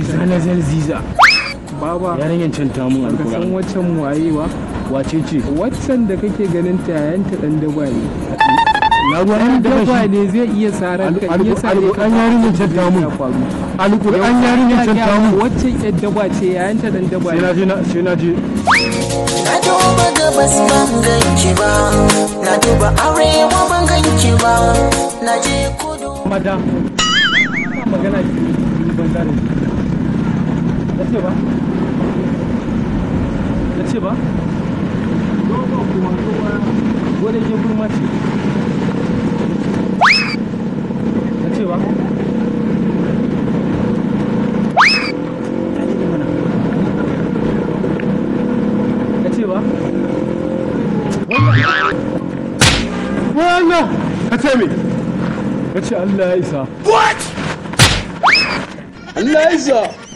Zana zan ziza. Baba. Yaran yancan tamu. Ka san waccan mu ayi ba. wace ce watson da kake ganin ta yayan ta dan daba ne na ruwan daba ne zai iya sarar ka iya sarar ka an yarinya ce ta mun an yari ce ta mun wace yar daba ce yayan ta dan daba ne sai na je sai na je na duba gabas ban ganki ba na duba arewa ban ganki ba na je kudu madam magana ki ban da ce ba na ce ba wani ke ka ce me ka ce Allah ya isa what Allah ya isa